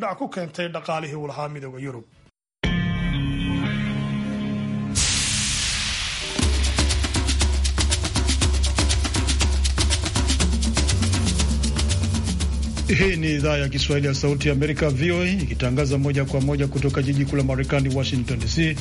dhac ku keentay dhaqaalihii uu lahaa midooda yurub Hii ni idhaa ya Kiswahili ya Sauti ya Amerika, VOA, ikitangaza moja kwa moja kutoka jiji kuu la Marekani, Washington DC.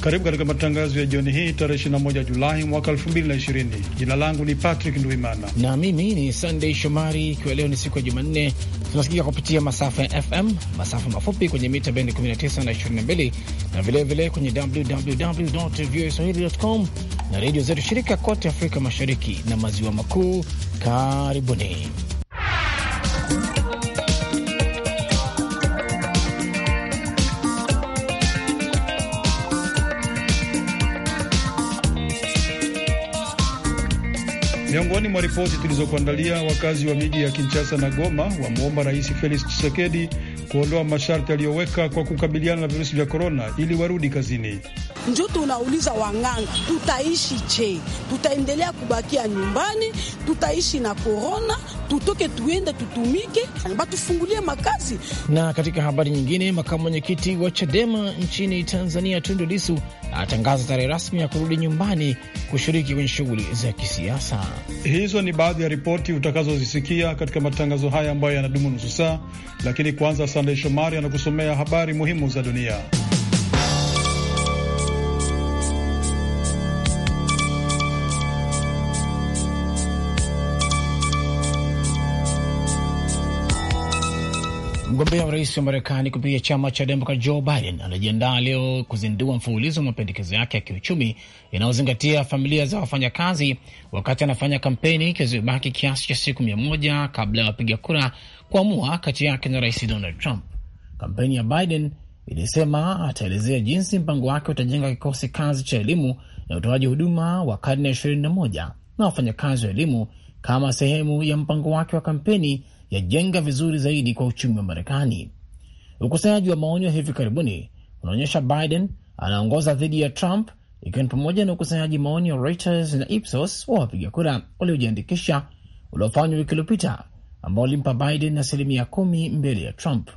Karibu katika matangazo ya jioni hii tarehe 21 Julai mwaka 2020. Jina langu ni Patrick Ndwimana na mimi ni Sandey Shomari. Ikiwa leo ni siku ya Jumanne, tunasikika kupitia masafa ya FM, masafa mafupi kwenye mita bendi 19 na 22 na vilevile kwenye www voa swahili.com na redio zetu shirika kote Afrika Mashariki na Maziwa Makuu. Karibuni. Miongoni mwa ripoti tulizokuandalia, wakazi wa miji ya Kinshasa na Goma wamwomba Rais Felix Tshisekedi kuondoa masharti aliyoweka kwa kukabiliana na virusi vya korona ili warudi kazini njo tunauliza wanganga, tutaishi che? Tutaendelea kubakia nyumbani? Tutaishi na korona? Tutoke tuende tutumike? Batufungulie makazi. Na katika habari nyingine, makamu mwenyekiti wa CHADEMA nchini Tanzania Tundu Lisu atangaza tarehe rasmi ya kurudi nyumbani kushiriki kwenye shughuli za kisiasa. Hizo ni baadhi ya ripoti utakazozisikia katika matangazo haya ambayo yanadumu nusu saa, lakini kwanza, Sandey Shomari anakusomea habari muhimu za dunia. Mgombea rais wa Marekani kupitia chama cha Demokrat Joe Biden anajiandaa leo kuzindua mfululizo wa mapendekezo yake ya kiuchumi yanayozingatia familia za wafanyakazi, wakati anafanya kampeni ikiwa zimebaki kiasi cha siku mia moja kabla ya wapiga kura kuamua kati yake na rais Donald Trump. Kampeni ya Biden ilisema ataelezea jinsi mpango wake utajenga kikosi kazi cha elimu na utoaji huduma wa karne ya moja na wafanyakazi wa elimu kama sehemu ya mpango wake wa kampeni yajenga vizuri zaidi kwa uchumi wa Marekani. Ukusanyaji wa maoni wa hivi karibuni unaonyesha Biden anaongoza dhidi ya Trump, ikiwa ni pamoja na ukusanyaji maoni wa Reuters na Ipsos wa wapiga kura waliojiandikisha uliofanywa wiki iliopita, ambao ulimpa Biden asilimia kumi mbele ya Trump.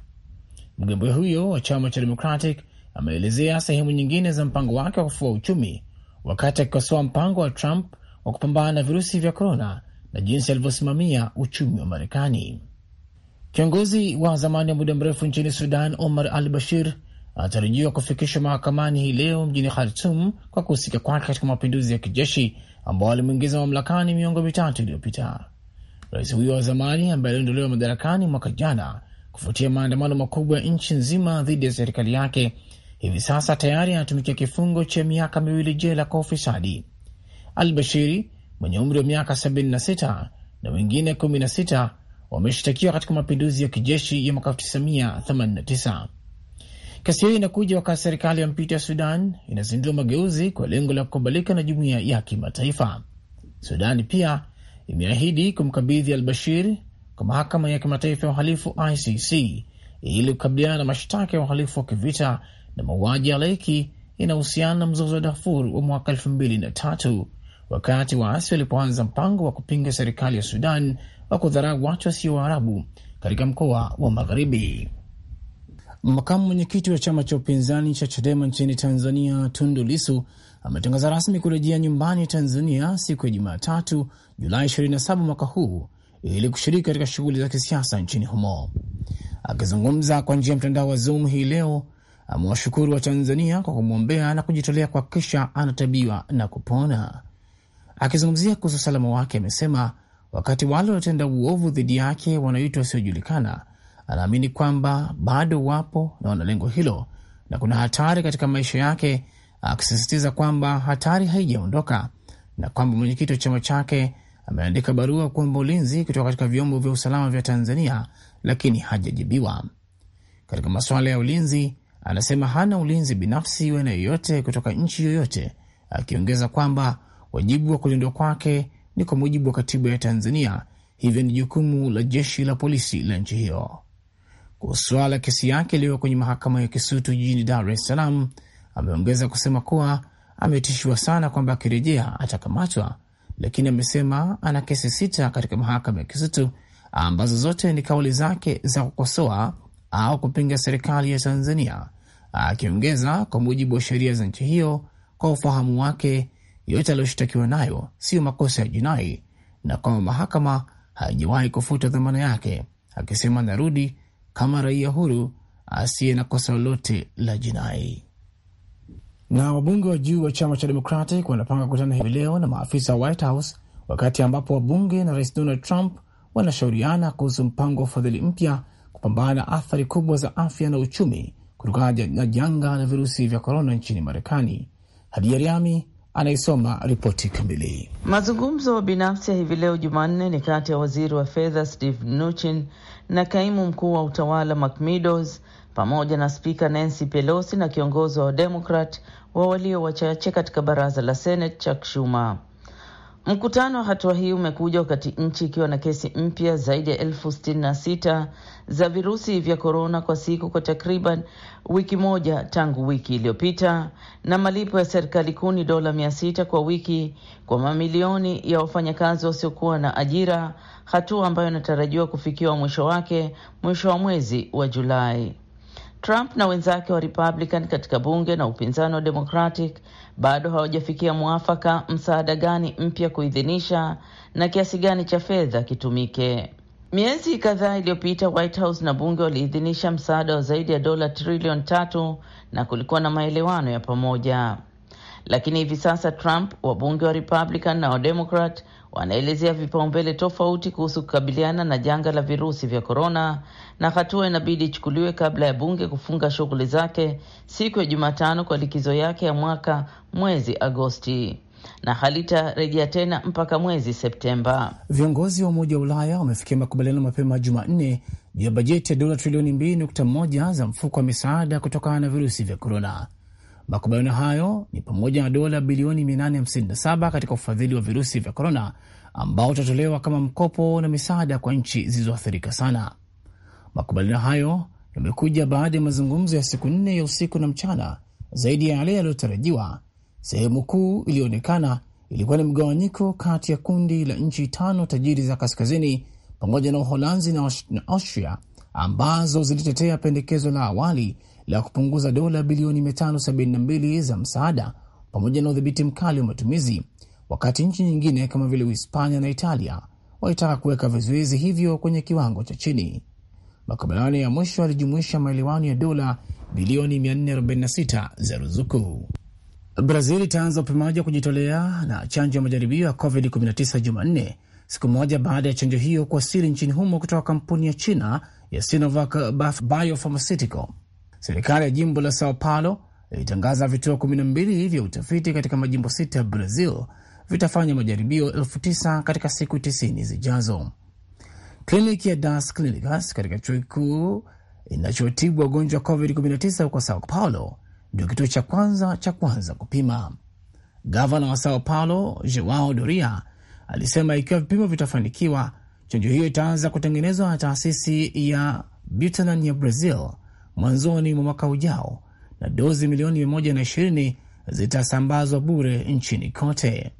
Mgombea huyo wa chama cha Democratic ameelezea sehemu nyingine za mpango wake wa kufua uchumi, wakati akikosoa mpango wa Trump wa kupambana na virusi vya korona na jinsi alivyosimamia uchumi wa Marekani. Kiongozi wa zamani wa muda mrefu nchini Sudan, Omar al Bashir, anatarajiwa kufikishwa mahakamani hii leo mjini Khartum kwa kuhusika kwake katika mapinduzi ya kijeshi ambao alimwingiza mamlakani miongo mitatu iliyopita. Rais huyo wa zamani ambaye aliondolewa madarakani mwaka jana kufuatia maandamano makubwa ya nchi nzima dhidi ya serikali yake, hivi sasa tayari anatumikia kifungo cha miaka miwili jela kwa ufisadi. Al Bashiri mwenye umri wa miaka 76 na wengine 16 wameshtakiwa katika mapinduzi ya kijeshi ya mwaka 1989. Kesi hiyo inakuja wakati serikali ya mpito ya Sudan inazindua mageuzi kwa lengo la kukubalika na jumuiya ya kimataifa. Sudani pia imeahidi kumkabidhi Al Bashir kwa mahakama ya kimataifa ya uhalifu ICC ili kukabiliana na mashtaka ya uhalifu wa kivita na mauaji ya laiki inahusiana na mzozo wa Darfur wa mwaka elfu mbili na tatu wakati waasi walipoanza mpango wa kupinga serikali ya Sudan wa kudharau watu wasio Waarabu katika mkoa wa Magharibi. Makamu mwenyekiti wa chama cha upinzani cha Chadema nchini Tanzania, Tundu Lisu ametangaza rasmi kurejea nyumbani Tanzania siku ya Jumatatu, Julai 27 mwaka huu ili kushiriki katika shughuli za kisiasa nchini humo. Akizungumza kwa njia ya mtandao wa Zoom hii leo, amewashukuru wa Tanzania kwa kumwombea na kujitolea kuhakikisha anatabiwa na kupona. Akizungumzia kuhusu usalama wake, amesema wakati wale wanaotenda uovu dhidi yake wanaitwa wasiojulikana, anaamini kwamba bado wapo na wana lengo hilo na kuna hatari katika maisha yake, akisisitiza kwamba hatari haijaondoka na kwamba mwenyekiti wa chama chake ameandika barua kuomba ulinzi kutoka katika vyombo vya usalama vya Tanzania, lakini hajajibiwa. Katika masuala ya ulinzi, anasema hana ulinzi binafsi wa aina yoyote kutoka nchi yoyote, akiongeza kwamba Wajibu wa kulindwa kwake ni kwa mujibu wa katiba ya Tanzania, hivyo ni jukumu la jeshi la polisi la nchi hiyo. kuswala kesi yake iliyo kwenye mahakama ya Kisutu jijini Dar es Salaam, ameongeza kusema kuwa ametishiwa sana kwamba akirejea atakamatwa, lakini amesema ana kesi sita katika mahakama ya Kisutu ambazo zote ni kauli zake za kukosoa au kupinga serikali ya Tanzania, akiongeza kwa mujibu wa sheria za nchi hiyo, kwa ufahamu wake yote aliyoshitakiwa nayo siyo makosa ya jinai na kwamba mahakama haijawahi kufuta dhamana yake, akisema narudi kama raia huru asiye na kosa lolote la jinai. Na wabunge wa juu wa chama cha Democratic wanapanga kukutana hivi leo na maafisa wa White House wakati ambapo wabunge na rais Donald Trump wanashauriana kuhusu mpango wa ufadhili mpya kupambana na athari kubwa za afya na uchumi kutokana na janga la virusi vya korona nchini Marekani. Hadi Yariami anayesoma ripoti kamili. Mazungumzo binafsi ya hivi leo Jumanne ni kati ya waziri wa fedha Steve Mnuchin na kaimu mkuu wa utawala Mark Meadows pamoja na spika Nancy Pelosi na kiongozi wa Wademokrat wa walio wachache katika baraza la Senate Chuck Schumer. Mkutano wa hatua hii umekuja wakati nchi ikiwa na kesi mpya zaidi ya elfu sitini na sita za virusi vya korona kwa siku kwa takriban wiki moja tangu wiki iliyopita, na malipo ya serikali kuu ni dola mia sita kwa wiki kwa mamilioni ya wafanyakazi wasiokuwa na ajira, hatua ambayo inatarajiwa kufikiwa mwisho wake mwisho wa mwezi wa Julai. Trump na wenzake wa Republican katika bunge na upinzani wa Democratic bado hawajafikia mwafaka msaada gani mpya kuidhinisha na kiasi gani cha fedha kitumike. Miezi kadhaa iliyopita White House na bunge waliidhinisha msaada wa zaidi ya dola trilioni tatu na kulikuwa na maelewano ya pamoja. Lakini hivi sasa Trump, wabunge wa Republican na Wademokrat wanaelezea vipaumbele tofauti kuhusu kukabiliana na janga la virusi vya korona, na hatua inabidi ichukuliwe kabla ya bunge kufunga shughuli zake siku ya Jumatano kwa likizo yake ya mwaka mwezi Agosti na halitarejea tena mpaka mwezi Septemba. Viongozi wa Umoja wa Ulaya wamefikia makubaliano mapema Jumanne juu ya bajeti ya dola trilioni 2.1 za mfuko wa misaada kutokana na virusi vya korona. Makubaliano hayo ni pamoja na dola bilioni 857 katika ufadhili wa virusi vya korona ambao utatolewa kama mkopo na misaada kwa nchi zilizoathirika sana. Makubaliano hayo yamekuja baada ya mazungumzo ya siku nne ya usiku na mchana, zaidi ya yale yaliyotarajiwa. Sehemu kuu iliyoonekana ilikuwa ni mgawanyiko kati ya kundi la nchi tano tajiri za kaskazini pamoja na Uholanzi na Austria ambazo zilitetea pendekezo la awali la kupunguza dola bilioni 572 za msaada pamoja na udhibiti mkali wa matumizi, wakati nchi nyingine kama vile Uhispania na Italia walitaka kuweka vizuizi hivyo kwenye kiwango cha chini. Makubaliano ya mwisho yalijumuisha maelewano ya dola bilioni 446 za ruzuku. Brazil itaanza upimaji wa kujitolea na chanjo ya majaribio ya COVID-19 Jumanne, siku moja baada ya chanjo hiyo kuwasili nchini humo kutoka kampuni ya China ya Sinovac Biopharmaceutical. Serikali ya jimbo la Sao Paulo ilitangaza vituo 12 vya utafiti katika majimbo sita ya Brazil vitafanya majaribio elfu tisa katika siku tisini zijazo. Kliniki ya Das Clinicas katika chuo kikuu inachotibu wagonjwa COVID-19 huko Sao Paulo ndio kituo cha kwanza cha kwanza kupima. Gavana wa Sao Paulo Joao Doria alisema ikiwa vipimo vitafanikiwa, chanjo hiyo itaanza kutengenezwa na taasisi ya Butantan ya Brazil mwanzoni mwa mwaka ujao na dozi milioni 120 zitasambazwa bure nchini kote.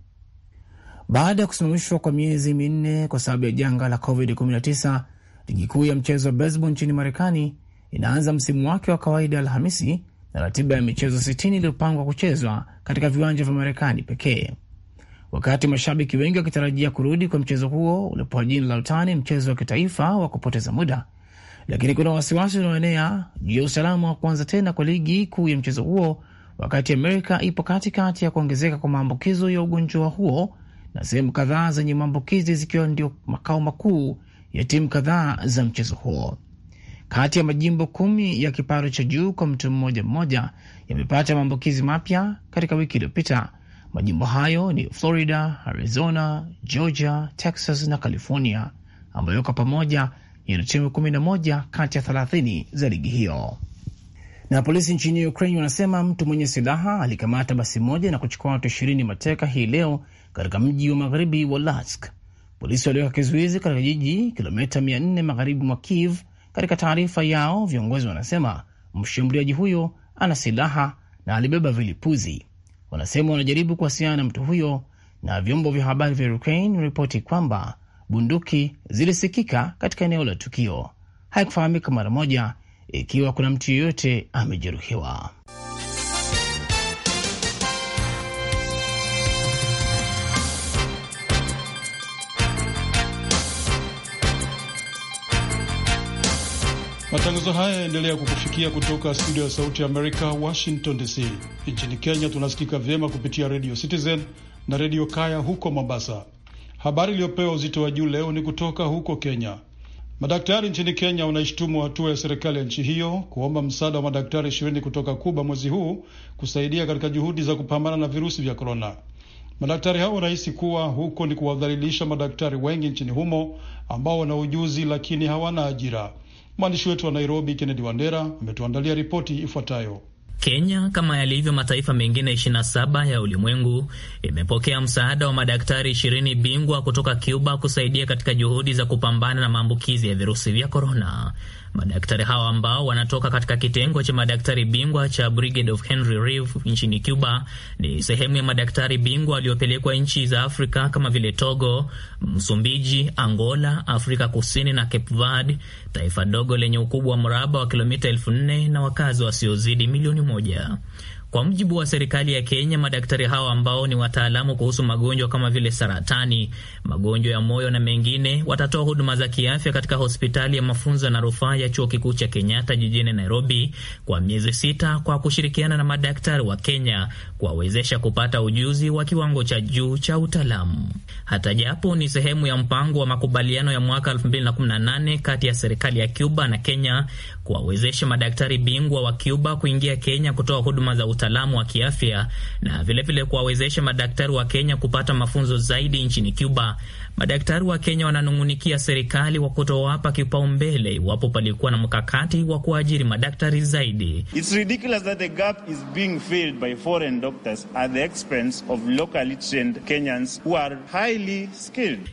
Baada ya kusimamishwa kwa miezi minne kwa sababu ya janga la COVID-19, ligi kuu ya mchezo wa baseball nchini Marekani inaanza msimu wake wa kawaida Alhamisi na ratiba ya michezo 60 iliyopangwa kuchezwa katika viwanja vya Marekani pekee. Wakati mashabiki wengi wakitarajia kurudi kwa mchezo huo ulipoa jina la utani mchezo wa kitaifa wa kupoteza muda, lakini kuna wasiwasi unaoenea juu ya usalama wa kuanza tena kwa ligi kuu ya mchezo huo wakati Amerika ipo katikati ya kuongezeka kwa maambukizo ya ugonjwa huo na sehemu kadhaa zenye maambukizi zikiwa ndio makao makuu ya timu kadhaa za mchezo huo. Kati ya majimbo kumi ya kipato cha juu kwa mtu mmoja mmoja yamepata maambukizi mapya katika wiki iliyopita. Majimbo hayo ni Florida, Arizona, Georgia, Texas na California, ambayo kwa pamoja yana timu 11 kati ya 30 za ligi hiyo. Na polisi nchini Ukraine wanasema mtu mwenye silaha alikamata basi moja na kuchukua watu ishirini mateka hii leo katika mji wa magharibi wa lask Polisi waliweka kizuizi katika jiji kilomita 400 magharibi mwa Kiev. Katika taarifa yao, viongozi wanasema mshambuliaji huyo ana silaha na alibeba vilipuzi. Wanasema wanajaribu kuwasiliana na mtu huyo, na vyombo vya habari vya Ukraine ripoti kwamba bunduki zilisikika katika eneo la tukio. Haikufahamika mara moja ikiwa kuna mtu yeyote amejeruhiwa. Matangazo haya yaendelea kukufikia kutoka studio ya Sauti ya Amerika, Washington DC. Nchini Kenya tunasikika vyema kupitia redio Citizen na redio Kaya huko Mombasa. Habari iliyopewa uzito wa juu leo ni kutoka huko Kenya. Madaktari nchini Kenya wanaishtumu hatua ya serikali ya nchi hiyo kuomba msaada wa madaktari ishirini kutoka Kuba mwezi huu kusaidia katika juhudi za kupambana na virusi vya korona. Madaktari hao wanahisi kuwa huko ni kuwadhalilisha madaktari wengi nchini humo ambao wana ujuzi lakini hawana ajira. Mwandishi wetu wa Nairobi, Kennedy Wandera, ametuandalia ripoti ifuatayo. Kenya kama yalivyo mataifa mengine 27 ya ulimwengu imepokea msaada wa madaktari 20 bingwa kutoka Cuba kusaidia katika juhudi za kupambana na maambukizi ya virusi vya korona. Madaktari hawa ambao wanatoka katika kitengo cha madaktari bingwa cha Brigade of Henry Reeve nchini Cuba ni sehemu ya madaktari bingwa waliopelekwa nchi za Afrika kama vile Togo, Msumbiji, Angola, Afrika Kusini na Cape Verde, taifa dogo lenye ukubwa wa mraba wa kilomita elfu nne na wakazi wasiozidi milioni moja. Kwa mujibu wa serikali ya Kenya, madaktari hao ambao ni wataalamu kuhusu magonjwa kama vile saratani, magonjwa ya moyo na mengine, watatoa huduma za kiafya katika hospitali ya mafunzo na rufaa ya chuo kikuu cha Kenyatta jijini Nairobi kwa miezi sita, kwa kushirikiana na madaktari wa Kenya kuwawezesha kupata ujuzi wa kiwango cha juu cha utaalamu. Hata japo ni sehemu ya mpango wa makubaliano ya mwaka 2018 kati ya serikali ya Cuba na Kenya kuwawezesha madaktari bingwa wa Cuba kuingia Kenya kutoa huduma za utaalamu wataalamu wa kiafya na vilevile kuwawezesha madaktari wa Kenya kupata mafunzo zaidi nchini Cuba Madaktari wa Kenya wananung'unikia serikali wa kutowapa kipaumbele iwapo palikuwa na mkakati wa kuajiri madaktari zaidi.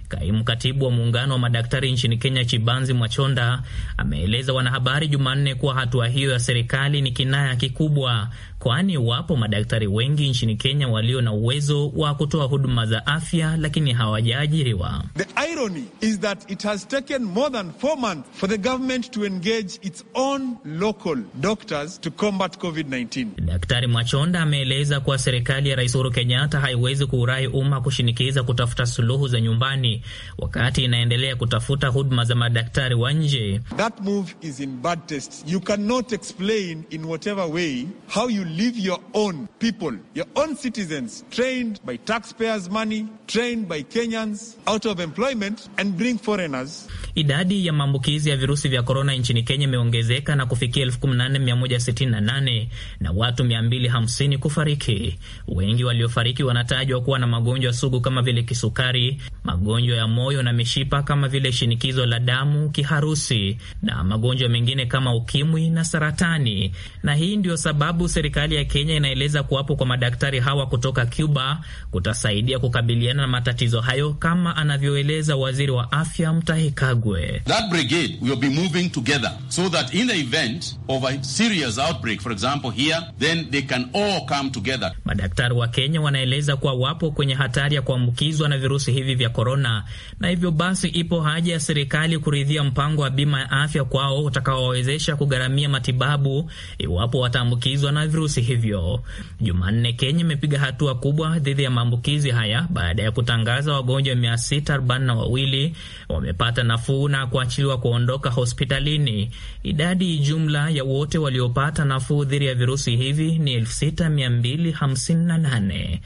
Kaimu katibu wa muungano wa madaktari nchini Kenya, Chibanzi Mwachonda, ameeleza wanahabari Jumanne kuwa hatua hiyo ya serikali ni kinaya kikubwa, kwani wapo madaktari wengi nchini Kenya walio na uwezo wa kutoa huduma za afya lakini hawajaajiriwa. Mataifa. The irony is that it has taken more than four months for the government to engage its own local doctors to combat COVID-19. Daktari Mwachonda ameeleza kuwa serikali ya Rais Uhuru Kenyatta haiwezi kuurai umma kushinikiza kutafuta suluhu za nyumbani wakati inaendelea kutafuta huduma za madaktari wa nje. That move is in bad taste. You cannot explain in whatever way how you leave your own people, your own citizens trained by taxpayers' money, trained by Kenyans out out of employment and bring foreigners. Idadi ya maambukizi ya virusi vya korona nchini Kenya imeongezeka na kufikia 18168 na watu 250 kufariki. Wengi waliofariki wanatajwa kuwa na magonjwa sugu kama vile kisukari, magonjwa ya moyo na mishipa kama vile shinikizo la damu, kiharusi na magonjwa mengine kama ukimwi na saratani. Na hii ndio sababu serikali ya Kenya inaeleza kuwapo kwa madaktari hawa kutoka Cuba kutasaidia kukabiliana na matatizo hayo kama ana anavyoeleza waziri wa afya Mutahi Kagwe. That brigade will be moving together so that in the event of a serious outbreak for example here then they can all come together. Madaktari wa Kenya wanaeleza kuwa wapo kwenye hatari ya kuambukizwa na virusi hivi vya korona, na hivyo basi ipo haja ya serikali kuridhia mpango wa bima ya afya kwao utakaowawezesha kugharamia matibabu iwapo wataambukizwa na virusi hivyo. Jumanne, Kenya imepiga hatua kubwa dhidi ya maambukizi haya baada ya kutangaza wagonjwa mia sita vita wawili wamepata nafuu na kuachiliwa kuondoka hospitalini. Idadi jumla ya wote waliopata nafuu dhidi ya virusi hivi ni 6258.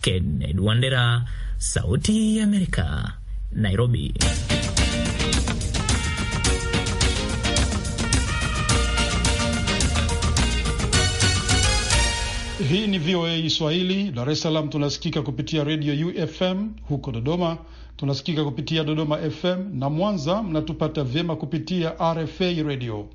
Kennedy Wandera, Sauti ya Amerika, Nairobi. Hii ni VOA Swahili, Dar es Salaam tunasikika kupitia redio UFM huko Dodoma Tunasikika kupitia Dodoma FM na Mwanza, mnatupata vyema kupitia RFA Radio.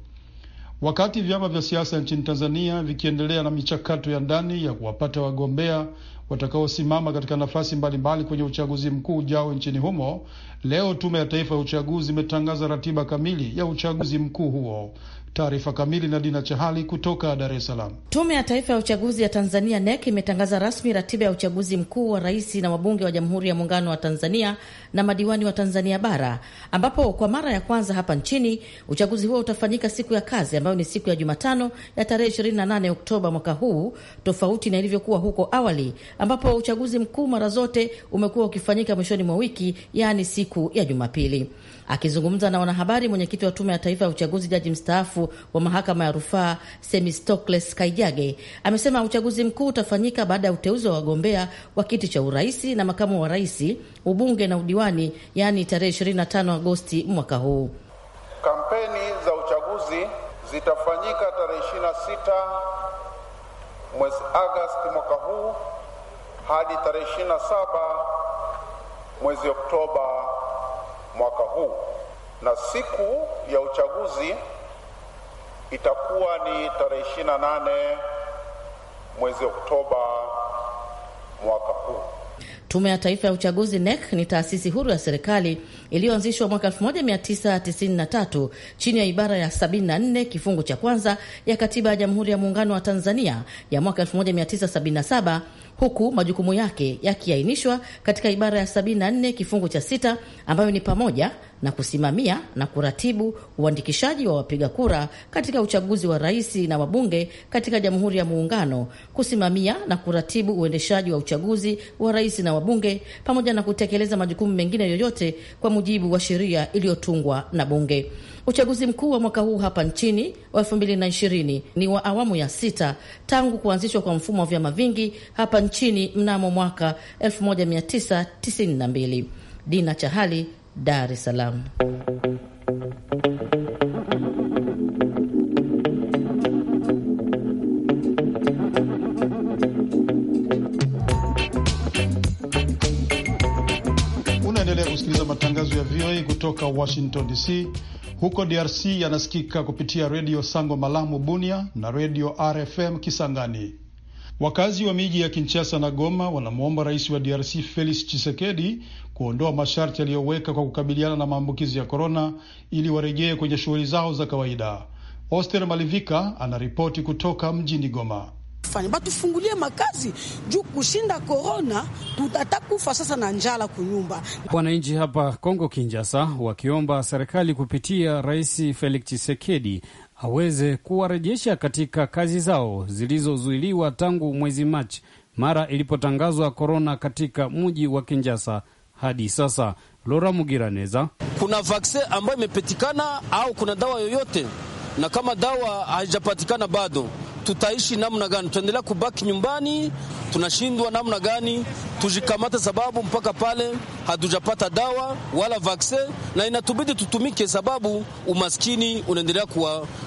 Wakati vyama vya siasa nchini Tanzania vikiendelea na michakato ya ndani ya kuwapata wagombea watakaosimama katika nafasi mbalimbali kwenye uchaguzi mkuu ujao nchini humo, leo Tume ya Taifa ya Uchaguzi imetangaza ratiba kamili ya uchaguzi mkuu huo. Taarifa kamili na Dina Chahali kutoka Dar es Salaam. Tume ya Taifa ya Uchaguzi ya Tanzania, NEC, imetangaza rasmi ratiba ya uchaguzi mkuu wa rais na wabunge wa Jamhuri ya Muungano wa Tanzania na madiwani wa Tanzania Bara, ambapo kwa mara ya kwanza hapa nchini uchaguzi huo utafanyika siku ya kazi ambayo ni siku ya Jumatano ya tarehe 28 Oktoba mwaka huu, tofauti na ilivyokuwa huko awali ambapo uchaguzi mkuu mara zote umekuwa ukifanyika mwishoni mwa wiki, yaani siku ya Jumapili. Akizungumza na wanahabari, mwenyekiti wa Tume ya Taifa ya Uchaguzi, jaji mstaafu wa Mahakama ya Rufaa Semistokles Kaijage amesema uchaguzi mkuu utafanyika baada ya uteuzi wa wagombea wa kiti cha uraisi na makamu wa rais, ubunge na udiwani nyumbani, yaani tarehe 25 Agosti mwaka huu. Kampeni za uchaguzi zitafanyika tarehe 26 mwezi Agosti mwaka huu hadi tarehe 27 mwezi Oktoba mwaka huu, na siku ya uchaguzi itakuwa ni tarehe 28 mwezi Oktoba mwaka huu. Tume ya Taifa ya Uchaguzi NEC ni taasisi huru ya serikali iliyoanzishwa mwaka 1993 chini ya ibara ya 74 kifungu cha kwanza ya Katiba ya Jamhuri ya Muungano wa Tanzania ya mwaka 1977 huku majukumu yake yakiainishwa katika ibara ya 74 kifungu cha sita ambayo ni pamoja na kusimamia na kuratibu uandikishaji wa wapiga kura katika uchaguzi wa rais na wabunge katika Jamhuri ya Muungano, kusimamia na kuratibu uendeshaji wa uchaguzi wa rais na wabunge, pamoja na kutekeleza majukumu mengine yoyote kwa mujibu wa sheria iliyotungwa na Bunge. Uchaguzi mkuu wa mwaka huu hapa nchini wa elfu mbili na ishirini ni wa awamu ya sita tangu kuanzishwa kwa mfumo wa vyama vingi hapa nchini mnamo mwaka 1992. Dina Chahali, Dar es Salaam. Unaendelea kusikiliza matangazo ya VOA kutoka Washington DC. Huko DRC yanasikika kupitia redio Sango Malamu Bunia na redio RFM Kisangani. Wakazi wa miji ya Kinshasa na Goma wanamwomba rais wa DRC Felix Tshisekedi kuondoa masharti yaliyoweka kwa kukabiliana na maambukizi ya korona ili warejee kwenye shughuli zao za kawaida. Oster Malivika anaripoti kutoka mjini Goma kufanya, batufungulie makazi juu kushinda korona, tutatakufa sasa na njala kunyumba. Wananchi hapa Kongo Kinjasa wakiomba serikali kupitia Rais Felix Tshisekedi aweze kuwarejesha katika kazi zao zilizozuiliwa tangu mwezi Machi mara ilipotangazwa korona katika mji wa Kinjasa hadi sasa. Lora Mugiraneza, kuna vaksin ambayo imepatikana au kuna dawa yoyote? Na kama dawa haijapatikana bado tutaishi namna gani? Tuendelea kubaki nyumbani, tunashindwa namna gani? Tujikamate, sababu mpaka pale hatujapata dawa wala vaksin, na inatubidi tutumike, sababu umaskini unaendelea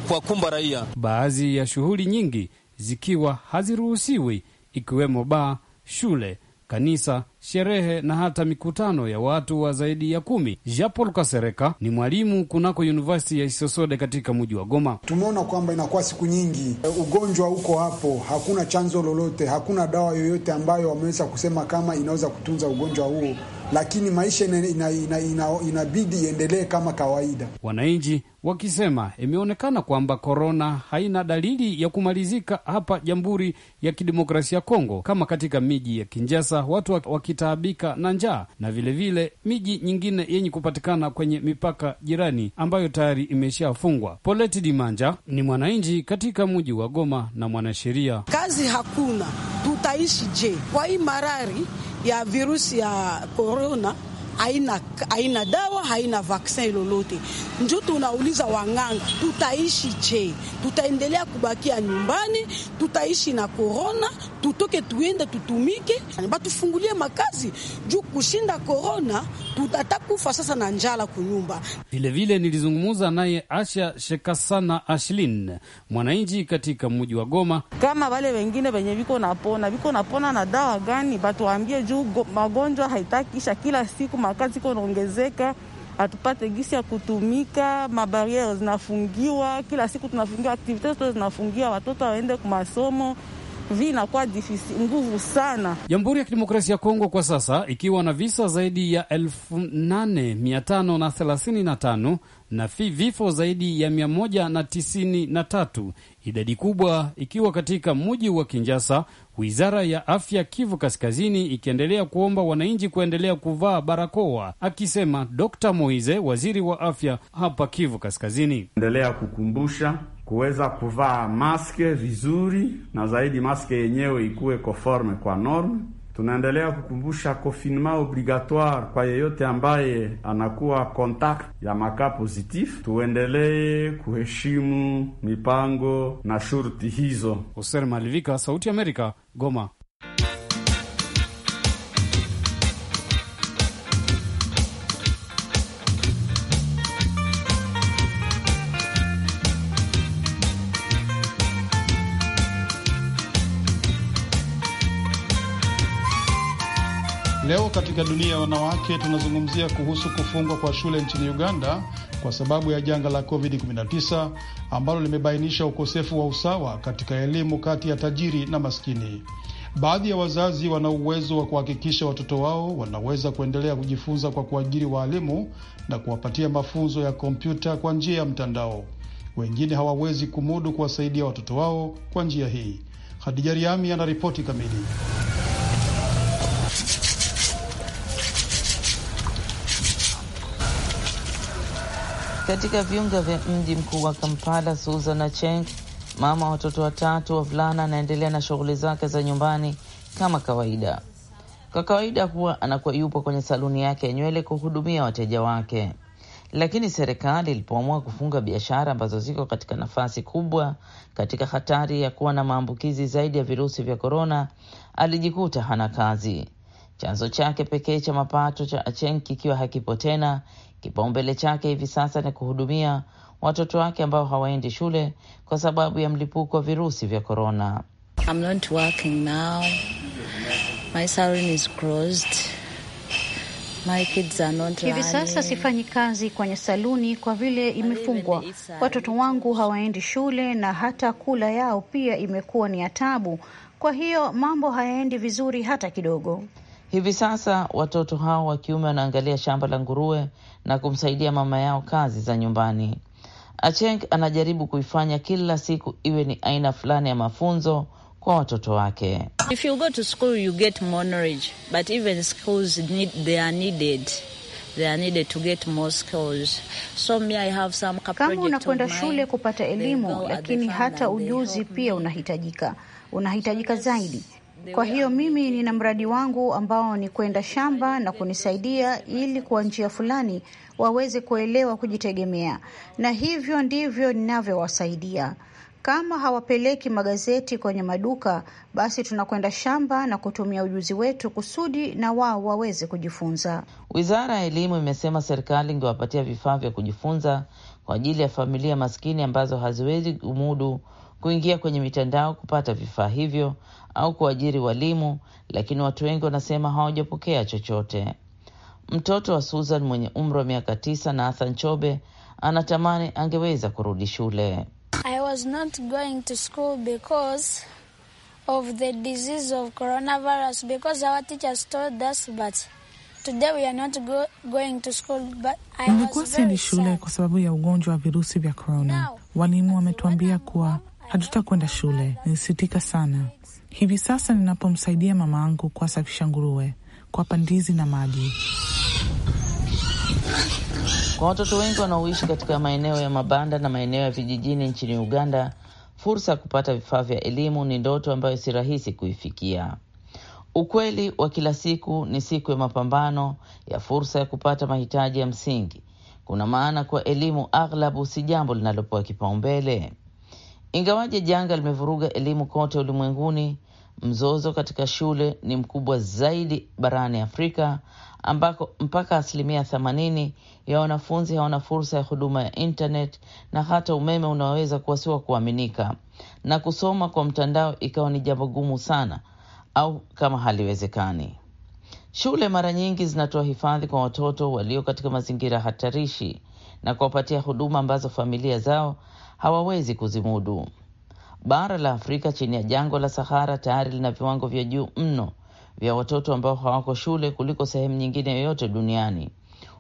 kuwakumba raia, baadhi ya shughuli nyingi zikiwa haziruhusiwi ikiwemo baa, shule, kanisa sherehe na hata mikutano ya watu wa zaidi ya kumi. Jean Paul Kasereka ni mwalimu kunako University ya Isosode katika mji wa Goma. Tumeona kwamba inakuwa siku nyingi, eh, ugonjwa uko hapo, hakuna chanzo lolote, hakuna dawa yoyote ambayo wameweza kusema kama inaweza kutunza ugonjwa huo lakini maisha inabidi ina, ina, ina, ina iendelee kama kawaida. Wananchi wakisema imeonekana kwamba korona haina dalili ya kumalizika hapa Jamhuri ya Kidemokrasia ya Kongo, kama katika miji ya Kinjasa watu wakitaabika na njaa, na vilevile miji nyingine yenye kupatikana kwenye mipaka jirani ambayo tayari imeshafungwa. Poleti Dimanja ni mwananchi katika mji wa Goma na mwanasheria. Kazi hakuna tutaishi je kwa hii marari ya virusi ya korona? haina, haina dawa haina vaksin lolote. Njo tunauliza wang'anga, tutaishi che? Tutaendelea kubakia nyumbani? Tutaishi na korona? Tutoke tuende tutumike? Batufungulie makazi juu kushinda korona tutatakufa sasa na njala kunyumba. Vilevile nilizungumza naye Asha Shekasana Ashlin, mwananchi katika mji wa Goma. Kama wale wengine wenye viko napona viko napona na dawa gani, batuambie juu magonjwa haitakisha kila siku ma makazi iko naongezeka, hatupate gisi ya kutumika, mabariere zinafungiwa kila siku, tunafungiwa aktivite zote zinafungiwa, watoto waende kumasomo vi inakuwa nguvu sana. Jamhuri ya Kidemokrasia ya Kongo kwa sasa ikiwa na visa zaidi ya elfu nane mia tano na thelathini na tano na vifo zaidi ya mia moja na tisini na tatu, idadi kubwa ikiwa katika mji wa Kinjasa. Wizara ya afya Kivu Kaskazini ikiendelea kuomba wananchi kuendelea kuvaa barakoa, akisema Dr. Moise, waziri wa afya hapa Kivu Kaskazini, endelea kukumbusha kuweza kuvaa maske vizuri, na zaidi maske yenyewe ikuwe conforme kwa norme tunaendelea kukumbusha confinement obligatoire kwa yeyote ambaye anakuwa contact ya maka positif. Tuendelee kuheshimu mipango na shurti hizo. Hoser Malivika, Sauti ya Amerika, Goma. Leo katika dunia ya wanawake tunazungumzia kuhusu kufungwa kwa shule nchini Uganda kwa sababu ya janga la COVID-19 ambalo limebainisha ukosefu wa usawa katika elimu kati ya tajiri na maskini. Baadhi ya wazazi wana uwezo wa kuhakikisha watoto wao wanaweza kuendelea kujifunza kwa kuajiri waalimu na kuwapatia mafunzo ya kompyuta kwa njia ya mtandao. Wengine hawawezi kumudu kuwasaidia watoto wao kwa njia hii. Hadija Riami ana ripoti kamili. Katika viunga vya mji mkuu wa Kampala, Susan Acheng, mama wa watoto watatu wavulana, anaendelea na shughuli zake za nyumbani kama kawaida. Kwa kawaida huwa anakuwa yupo kwenye saluni yake ya nywele kuhudumia wateja wake, lakini serikali ilipoamua kufunga biashara ambazo ziko katika nafasi kubwa katika hatari ya kuwa na maambukizi zaidi ya virusi vya korona, alijikuta hana kazi. Chanzo chake pekee cha mapato cha Achen kikiwa hakipo tena, kipaumbele chake hivi sasa ni kuhudumia watoto wake ambao hawaendi shule kwa sababu ya mlipuko wa virusi vya korona. Hivi sasa sifanyi kazi kwenye saluni kwa vile imefungwa. Watoto wangu hawaendi shule na hata kula yao pia imekuwa ni ya tabu. Kwa hiyo mambo hayaendi vizuri hata kidogo. Hivi sasa watoto hao wa kiume wanaangalia shamba la nguruwe na kumsaidia mama yao kazi za nyumbani. Acheng anajaribu kuifanya kila siku iwe ni aina fulani ya mafunzo kwa watoto wake. Kama unakwenda shule kupata elimu, lakini hata ujuzi pia unahitajika, unahitajika zaidi kwa hiyo yaani mimi nina mradi wangu ambao ni kwenda shamba na kunisaidia ili kwa njia fulani waweze kuelewa kujitegemea, na hivyo ndivyo ninavyowasaidia. Kama hawapeleki magazeti kwenye maduka, basi tunakwenda shamba na kutumia ujuzi wetu kusudi na wao waweze kujifunza. Wizara ya Elimu imesema serikali ingewapatia vifaa vya kujifunza kwa ajili ya familia maskini ambazo haziwezi umudu kuingia kwenye mitandao kupata vifaa hivyo au kuajiri walimu, lakini watu wengi wanasema hawajapokea chochote. Mtoto wa Susan mwenye umri wa miaka tisa, na Athan Chobe, anatamani angeweza kurudi shule. I was not going to school because of the disease of coronavirus because our teachers told us but Nilikuwa siendi shule kwa sababu ya ugonjwa wa virusi vya korona. Walimu wametuambia kuwa hatutakwenda shule. Nilisitika sana. Hivi sasa ninapomsaidia mama angu kuwasafisha nguruwe, kuwapa ndizi na maji. Kwa watoto wengi wanaoishi katika maeneo ya mabanda na maeneo ya vijijini nchini Uganda, fursa ya kupata vifaa vya elimu ni ndoto ambayo si rahisi kuifikia. Ukweli wa kila siku ni siku ya mapambano ya fursa ya kupata mahitaji ya msingi. Kuna maana kwa elimu aghlabu si jambo linalopewa kipaumbele. Ingawaje janga limevuruga elimu kote ulimwenguni, mzozo katika shule ni mkubwa zaidi barani Afrika ambako mpaka asilimia themanini ya wanafunzi hawana fursa ya huduma ya intanet na hata umeme unaweza kuwa si wa kuaminika, na kusoma kwa mtandao ikawa ni jambo gumu sana au kama haliwezekani. Shule mara nyingi zinatoa hifadhi kwa watoto walio katika mazingira hatarishi na kuwapatia huduma ambazo familia zao hawawezi kuzimudu. Bara la Afrika chini ya jangwa la Sahara tayari lina viwango vya juu mno vya watoto ambao hawako shule kuliko sehemu nyingine yoyote duniani,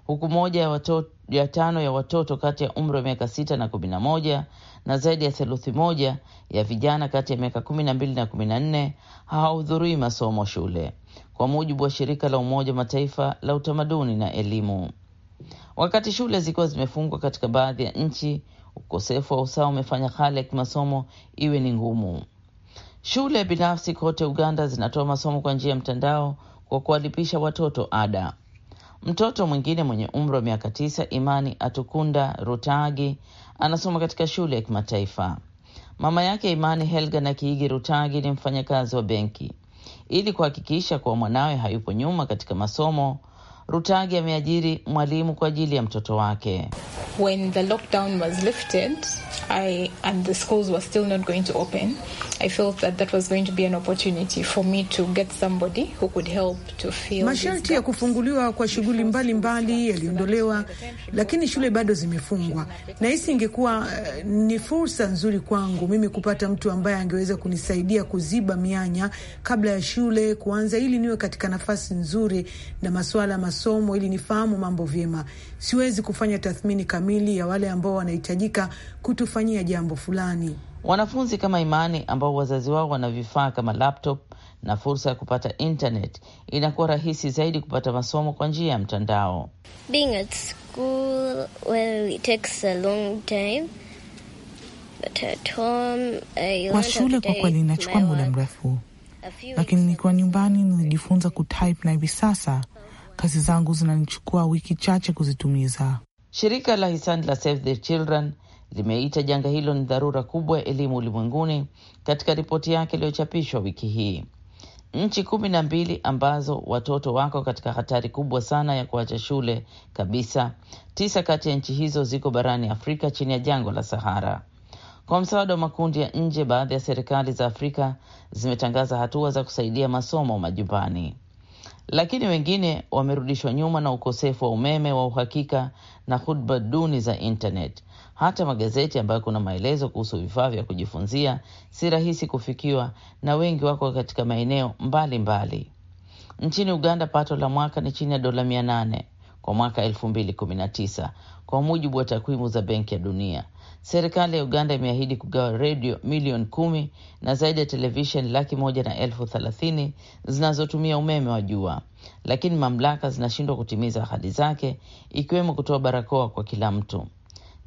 huku moja ya, watoto, ya tano ya watoto kati ya umri wa miaka sita na kumi na moja na zaidi ya theluthi moja ya vijana kati ya miaka kumi na mbili na kumi na nne hawahudhurii masomo shule kwa mujibu wa shirika la Umoja Mataifa la utamaduni na elimu. Wakati shule zikiwa zimefungwa katika baadhi ya nchi, ukosefu wa usawa umefanya hali ya kimasomo iwe ni ngumu. Shule binafsi kote Uganda zinatoa masomo kwa njia ya mtandao kwa kuwalipisha watoto ada. Mtoto mwingine mwenye umri wa miaka tisa, Imani Atukunda Rutagi, anasoma katika shule ya kimataifa. Mama yake Imani Helga na Kiigi Rutagi ni mfanyakazi wa benki ili kuhakikisha kuwa mwanawe hayupo nyuma katika masomo Rutagi ameajiri mwalimu kwa ajili ya mtoto wake. When the lockdown was lifted, I, and the schools were still not going to open, I felt that that was going to be an opportunity for me to get somebody who could help to fill. Masharti ya kufunguliwa kwa shughuli mbalimbali yaliondolewa, lakini shule bado zimefungwa, na hisi ingekuwa uh, ni fursa nzuri kwangu mimi kupata mtu ambaye angeweza kunisaidia kuziba mianya kabla ya shule kuanza, ili niwe katika nafasi nzuri na masuala masomo ili nifahamu mambo vyema. Siwezi kufanya tathmini kamili ya wale ambao wanahitajika kutufanyia jambo fulani. Wanafunzi kama Imani ambao wazazi wao wana vifaa kama laptop na fursa ya kupata internet, inakuwa rahisi zaidi kupata masomo kwa njia ya mtandao. Being at school, well, it takes a long time. Kwa shule kwa kweli inachukua muda mrefu, lakini nikiwa nyumbani nilijifunza kutype na hivi sasa Kazi zangu zinanichukua wiki chache kuzitumiza. Shirika la hisani la Save the Children limeita janga hilo ni dharura kubwa ya elimu ulimwenguni katika ripoti yake iliyochapishwa wiki hii. Nchi kumi na mbili ambazo watoto wako katika hatari kubwa sana ya kuacha shule kabisa. Tisa kati ya nchi hizo ziko barani Afrika chini ya jangwa la Sahara. Kwa msaada wa makundi ya nje, baadhi ya serikali za Afrika zimetangaza hatua za kusaidia masomo majumbani lakini wengine wamerudishwa nyuma na ukosefu wa umeme wa uhakika na hudba duni za intnet Hata magazeti ambayo kuna maelezo kuhusu vifaa vya kujifunzia si rahisi kufikiwa na wengi wako katika maeneo mbalimbali. Nchini Uganda, pato la mwaka ni chini ya dola mia nane kwa mwaka elfu mbili kumi na tisa kwa mujibu wa takwimu za Benki ya Dunia. Serikali ya Uganda imeahidi kugawa redio milioni kumi na zaidi ya televisheni laki moja na elfu thelathini zinazotumia umeme wa jua, lakini mamlaka zinashindwa kutimiza ahadi zake, ikiwemo kutoa barakoa kwa kila mtu.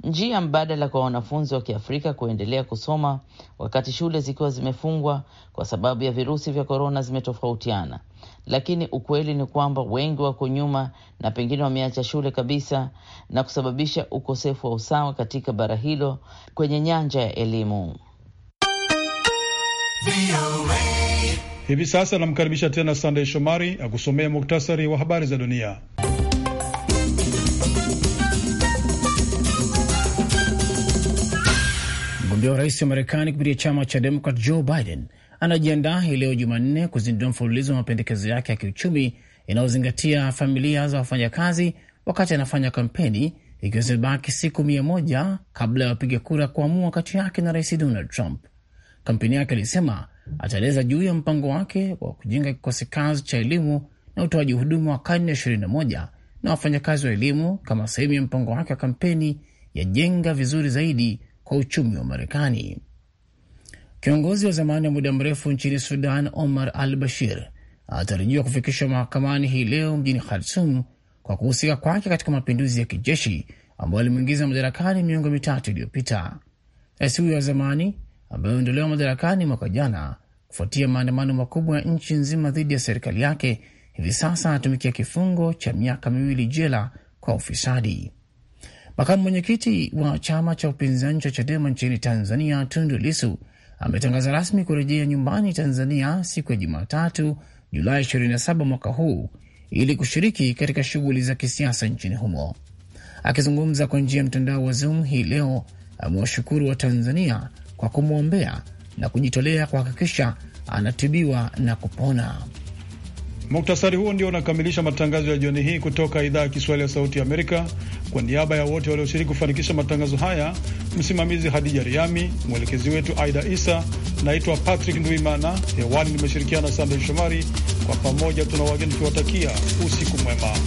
Njia mbadala kwa wanafunzi wa Kiafrika kuendelea kusoma wakati shule zikiwa zimefungwa kwa sababu ya virusi vya korona zimetofautiana lakini ukweli ni kwamba wengi wako nyuma na pengine wameacha shule kabisa na kusababisha ukosefu wa usawa katika bara hilo kwenye nyanja ya elimu. Hivi sasa namkaribisha tena Sandey Shomari akusomea muktasari wa habari za dunia. Mgombea wa rais wa Marekani kupitia chama cha Demokrat Joe Biden anajiandaa hii leo Jumanne kuzindua mfululizo wa mapendekezo yake ya kiuchumi inayozingatia familia za wafanyakazi wakati anafanya kampeni, ikiwa zimebaki siku mia moja kabla ya wapiga kura kuamua kati yake na Rais Donald Trump. Kampeni yake alisema ataeleza juu ya mpango wake wa kujenga kikosi kazi cha elimu na utoaji huduma wa karne ya 21 na wafanyakazi wa elimu kama sehemu ya mpango wake wa kampeni ya jenga vizuri zaidi kwa uchumi wa Marekani. Kiongozi wa zamani wa muda mrefu nchini Sudan, Omar al Bashir, anatarajiwa kufikishwa mahakamani hii leo mjini Khartum kwa kuhusika kwake katika mapinduzi ya kijeshi ambayo alimwingiza madarakani miongo mitatu iliyopita. Rais huyo wa zamani ambaye aliondolewa madarakani mwaka jana kufuatia maandamano makubwa ya nchi nzima dhidi ya serikali yake, hivi sasa anatumikia kifungo cha miaka miwili jela kwa ufisadi. Makamu mwenyekiti wa chama cha upinzani cha Chadema nchini Tanzania, Tundu Lisu ametangaza rasmi kurejea nyumbani Tanzania siku ya Jumatatu, Julai 27 mwaka huu ili kushiriki katika shughuli za kisiasa nchini humo. Akizungumza kwa njia ya mtandao wa Zoom hii leo, amewashukuru wa Tanzania kwa kumwombea na kujitolea kuhakikisha anatibiwa na kupona. Muktasari huo ndio unakamilisha matangazo ya jioni hii kutoka idhaa ya Kiswahili ya Sauti Amerika. Kwa niaba ya wote walioshiriki kufanikisha matangazo haya, msimamizi Hadija Riami, mwelekezi wetu Aida Isa. Naitwa Patrick Ndwimana, hewani nimeshirikiana na Sandey Shomari. Kwa pamoja tuna wageni tukiwatakia usiku mwema.